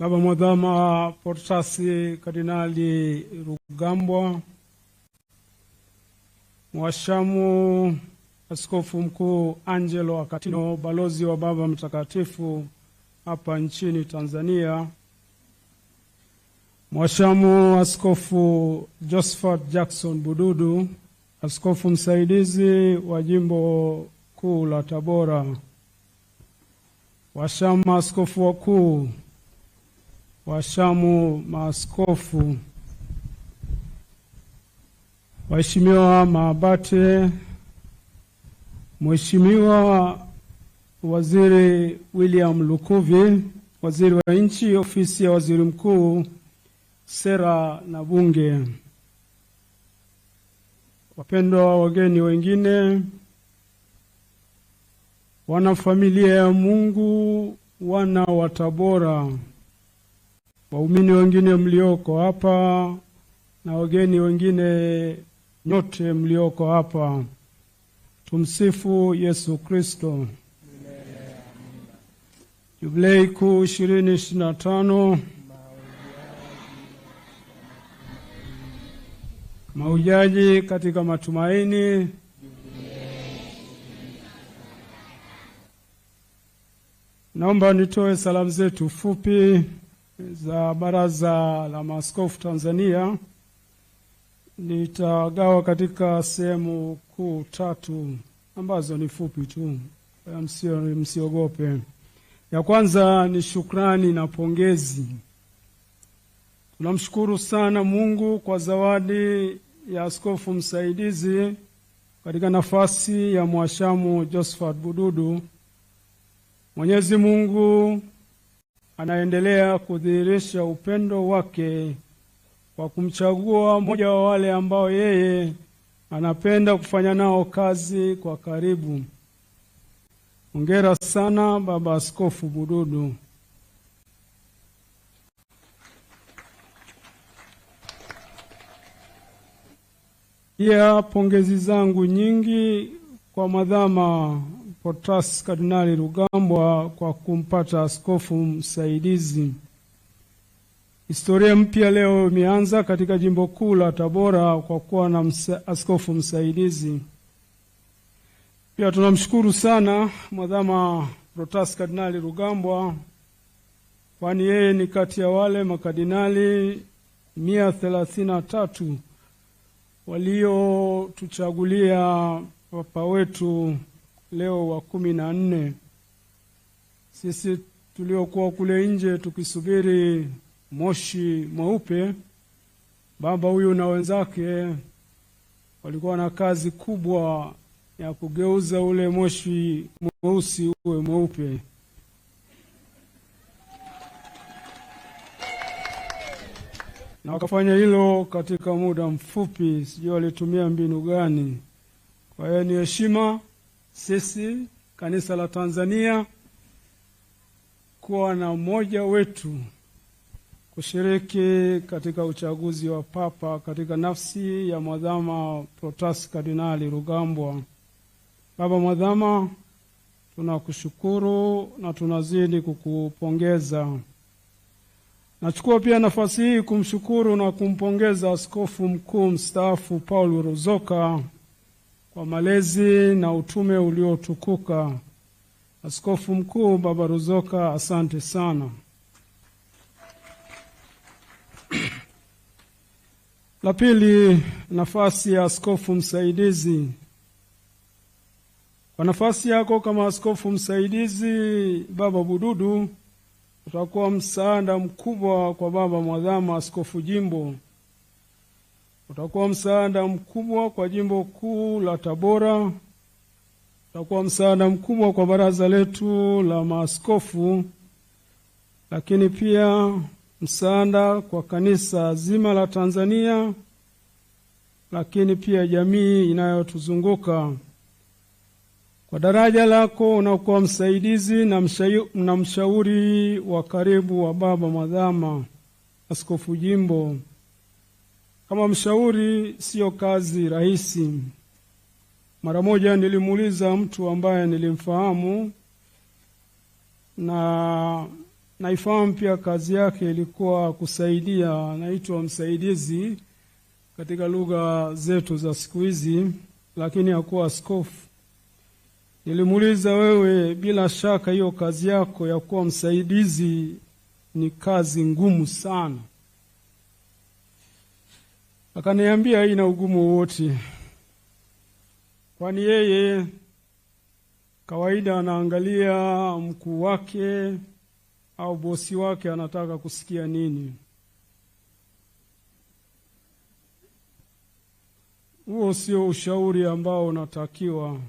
Baba Mwadhama Portasi Kardinali Rugambwa, mwashamu Askofu Mkuu Angelo Akatino, balozi wa Baba Mtakatifu hapa nchini Tanzania, mwashamu Askofu Josephat Jackson Bududu, askofu msaidizi wa jimbo kuu la Tabora, washamu askofu wakuu washamu, maaskofu, waheshimiwa maabate, Mheshimiwa Waziri William Lukuvi, waziri wa nchi ofisi ya waziri mkuu, sera na bunge, wapendwa wageni wengine, wanafamilia ya Mungu, wana wa Tabora waumini wengine mlioko hapa na wageni wengine nyote mlioko hapa. Tumsifu Yesu Kristo. Jubilei kuu ishirini ishirini na tano mahujaji katika matumaini. Naomba nitoe salamu zetu fupi za Baraza la Maaskofu Tanzania nitagawa katika sehemu kuu tatu ambazo ni fupi tu, msiogope. Ya kwanza ni shukrani na pongezi. Tunamshukuru sana Mungu kwa zawadi ya askofu msaidizi katika nafasi ya Mhashamu Josephat Bududu. Mwenyezi Mungu anaendelea kudhihirisha upendo wake kwa kumchagua mmoja wa wale ambao yeye anapenda kufanya nao kazi kwa karibu. Hongera sana Baba Askofu Bududu. Pia pongezi zangu nyingi kwa madhama Fortas Kardinali Rugambwa kwa kumpata askofu msaidizi. Historia mpya leo imeanza katika jimbo kuu la Tabora kwa kuwa na msa, askofu msaidizi. Pia tunamshukuru sana Mwadhama Protas Kardinali Rugambwa, kwani yeye ni kati ya wale makardinali mia thelathini na tatu waliotuchagulia papa wetu Leo wa kumi na nne. Sisi tuliokuwa kule nje tukisubiri moshi mweupe, baba huyu na wenzake walikuwa na kazi kubwa ya kugeuza ule moshi mweusi uwe mweupe. na wakafanya hilo katika muda mfupi. Sijui walitumia mbinu gani. Kwa hiyo ni heshima sisi kanisa la Tanzania kuwa na umoja wetu kushiriki katika uchaguzi wa papa katika nafsi ya Mwadhama Protas Kardinali Rugambwa. Baba Mwadhama, tunakushukuru na tunazidi kukupongeza. Nachukua pia nafasi hii kumshukuru na kumpongeza askofu mkuu mstaafu Paulo Ruzoka kwa malezi na utume uliotukuka. Askofu Mkuu Baba Ruzoka, asante sana. La pili, nafasi ya askofu msaidizi. Kwa nafasi yako kama askofu msaidizi Baba Bududu, utakuwa msaada mkubwa kwa Baba Mwadhama Askofu Jimbo utakuwa msaada mkubwa kwa jimbo kuu la Tabora, utakuwa msaada mkubwa kwa baraza letu la maaskofu, lakini pia msaada kwa kanisa zima la Tanzania, lakini pia jamii inayotuzunguka. Kwa daraja lako unakuwa msaidizi na, mshayu, na mshauri wa karibu wa Baba Mwadhama Askofu Jimbo. Kama mshauri siyo kazi rahisi. Mara moja nilimuuliza mtu ambaye nilimfahamu na naifahamu pia kazi yake ilikuwa kusaidia, naitwa msaidizi katika lugha zetu za siku hizi, lakini hakuwa askofu. Nilimuuliza, wewe, bila shaka hiyo kazi yako ya kuwa msaidizi ni kazi ngumu sana Akaniambia haina ugumu wowote, kwani yeye kawaida anaangalia mkuu wake au bosi wake anataka kusikia nini. Huo sio ushauri ambao unatakiwa,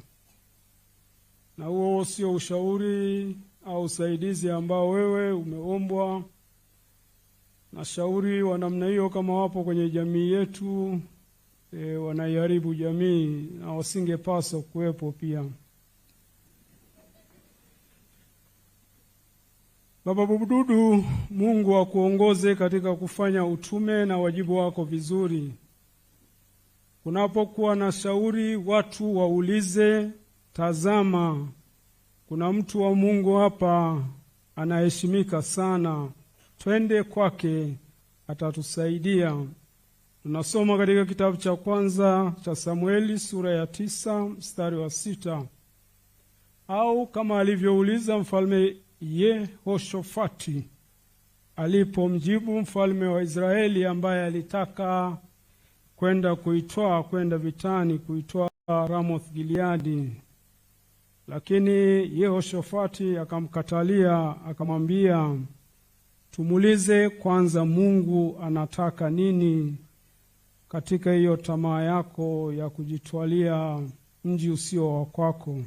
na huo sio ushauri au usaidizi ambao wewe umeombwa Nashauri wa namna hiyo kama wapo kwenye jamii yetu e, wanaiharibu jamii na wasingepaswa kuwepo. Pia Baba Bududu, Mungu akuongoze katika kufanya utume na wajibu wako vizuri. Kunapokuwa na shauri, watu waulize, tazama, kuna mtu wa Mungu hapa anaheshimika sana twende kwake, atatusaidia. Tunasoma katika kitabu cha kwanza cha Samueli sura ya tisa mstari wa sita au kama alivyouliza mfalme Yehoshofati alipomjibu mfalme wa Israeli ambaye alitaka kwenda kuitwaa kwenda vitani kuitwaa Ramoth Gileadi, lakini Yehoshofati akamkatalia akamwambia Tumuulize kwanza Mungu anataka nini katika hiyo tamaa yako ya kujitwalia mji usio wa kwako.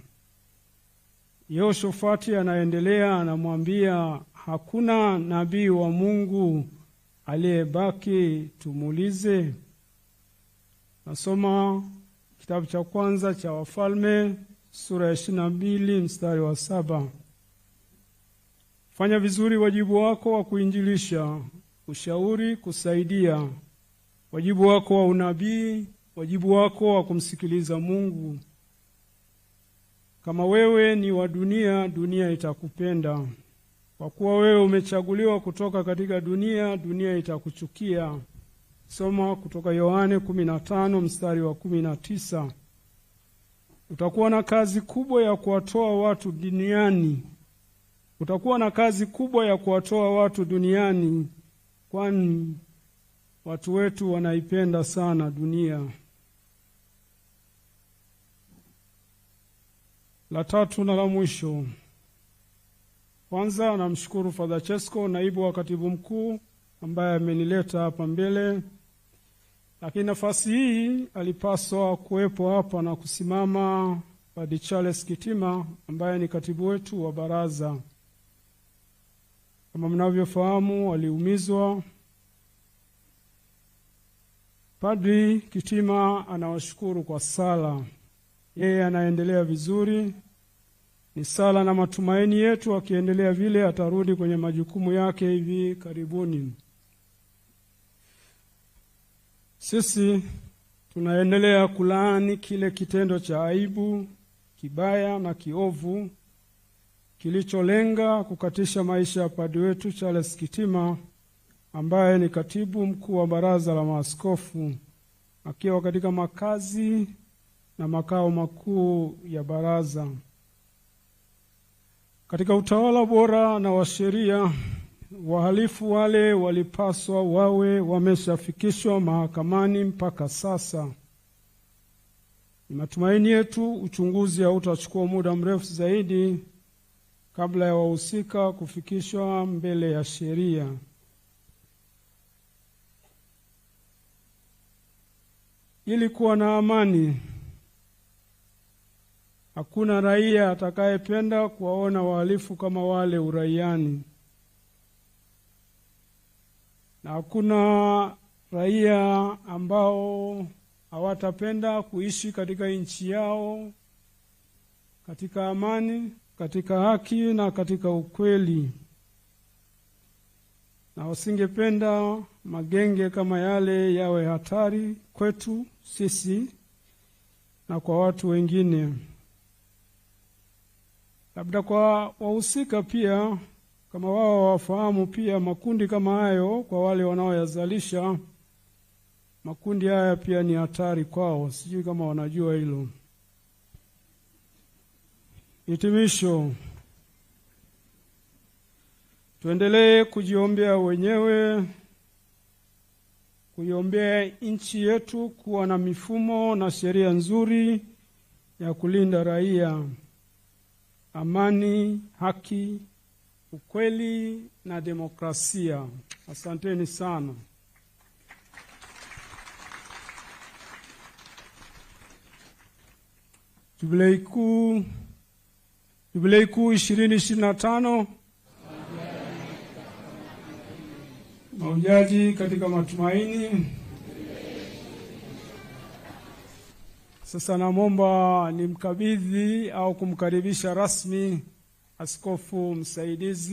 Yehoshafati anaendelea, anamwambia hakuna nabii wa Mungu aliyebaki, tumulize. Nasoma kitabu cha kwanza cha Wafalme sura ya ishirini na mbili mstari wa saba. Fanya vizuri wajibu wako wa kuinjilisha, ushauri kusaidia, wajibu wako wa unabii, wajibu wako wa kumsikiliza Mungu. Kama wewe ni wa dunia, dunia itakupenda. Kwa kuwa wewe umechaguliwa kutoka katika dunia, dunia itakuchukia. Soma kutoka Yohane 15 mstari wa 19. Utakuwa na kazi kubwa ya kuwatoa watu duniani Kutakuwa na kazi kubwa ya kuwatoa watu duniani, kwani watu wetu wanaipenda sana dunia. La tatu na la mwisho, kwanza namshukuru Fadha Chesco, naibu wa katibu mkuu, ambaye amenileta hapa mbele, lakini nafasi hii alipaswa kuwepo hapa na kusimama Padre Charles Kitima ambaye ni katibu wetu wa baraza kama mnavyofahamu, waliumizwa. Padri Kitima anawashukuru kwa sala, yeye anaendelea vizuri. Ni sala na matumaini yetu akiendelea vile atarudi kwenye majukumu yake hivi karibuni. Sisi tunaendelea kulaani kile kitendo cha aibu, kibaya na kiovu kilicholenga kukatisha maisha ya padri wetu Charles Kitima ambaye ni katibu mkuu wa baraza la maaskofu akiwa katika makazi na makao makuu ya baraza. Katika utawala bora na wa sheria, wahalifu wale walipaswa wawe wameshafikishwa mahakamani mpaka sasa. Ni matumaini yetu uchunguzi hautachukua muda mrefu zaidi kabla ya wahusika kufikishwa mbele ya sheria. Ili kuwa na amani, hakuna raia atakayependa kuwaona wahalifu kama wale uraiani, na hakuna raia ambao hawatapenda kuishi katika nchi yao katika amani katika haki na katika ukweli, na wasingependa magenge kama yale yawe hatari kwetu sisi na kwa watu wengine. Labda kwa wahusika pia, kama wao wafahamu pia makundi kama hayo, kwa wale wanaoyazalisha makundi haya pia ni hatari kwao. Sijui kama wanajua hilo. Hitimisho, tuendelee kujiombea wenyewe, kuiombea nchi yetu kuwa na mifumo na sheria nzuri ya kulinda raia, amani, haki, ukweli na demokrasia. Asanteni sana. Jubilei Kuu Jubilei Kuu ishirini ishirini na tano mahujaji katika matumaini. Sasa namwomba nimkabidhi au kumkaribisha rasmi askofu msaidizi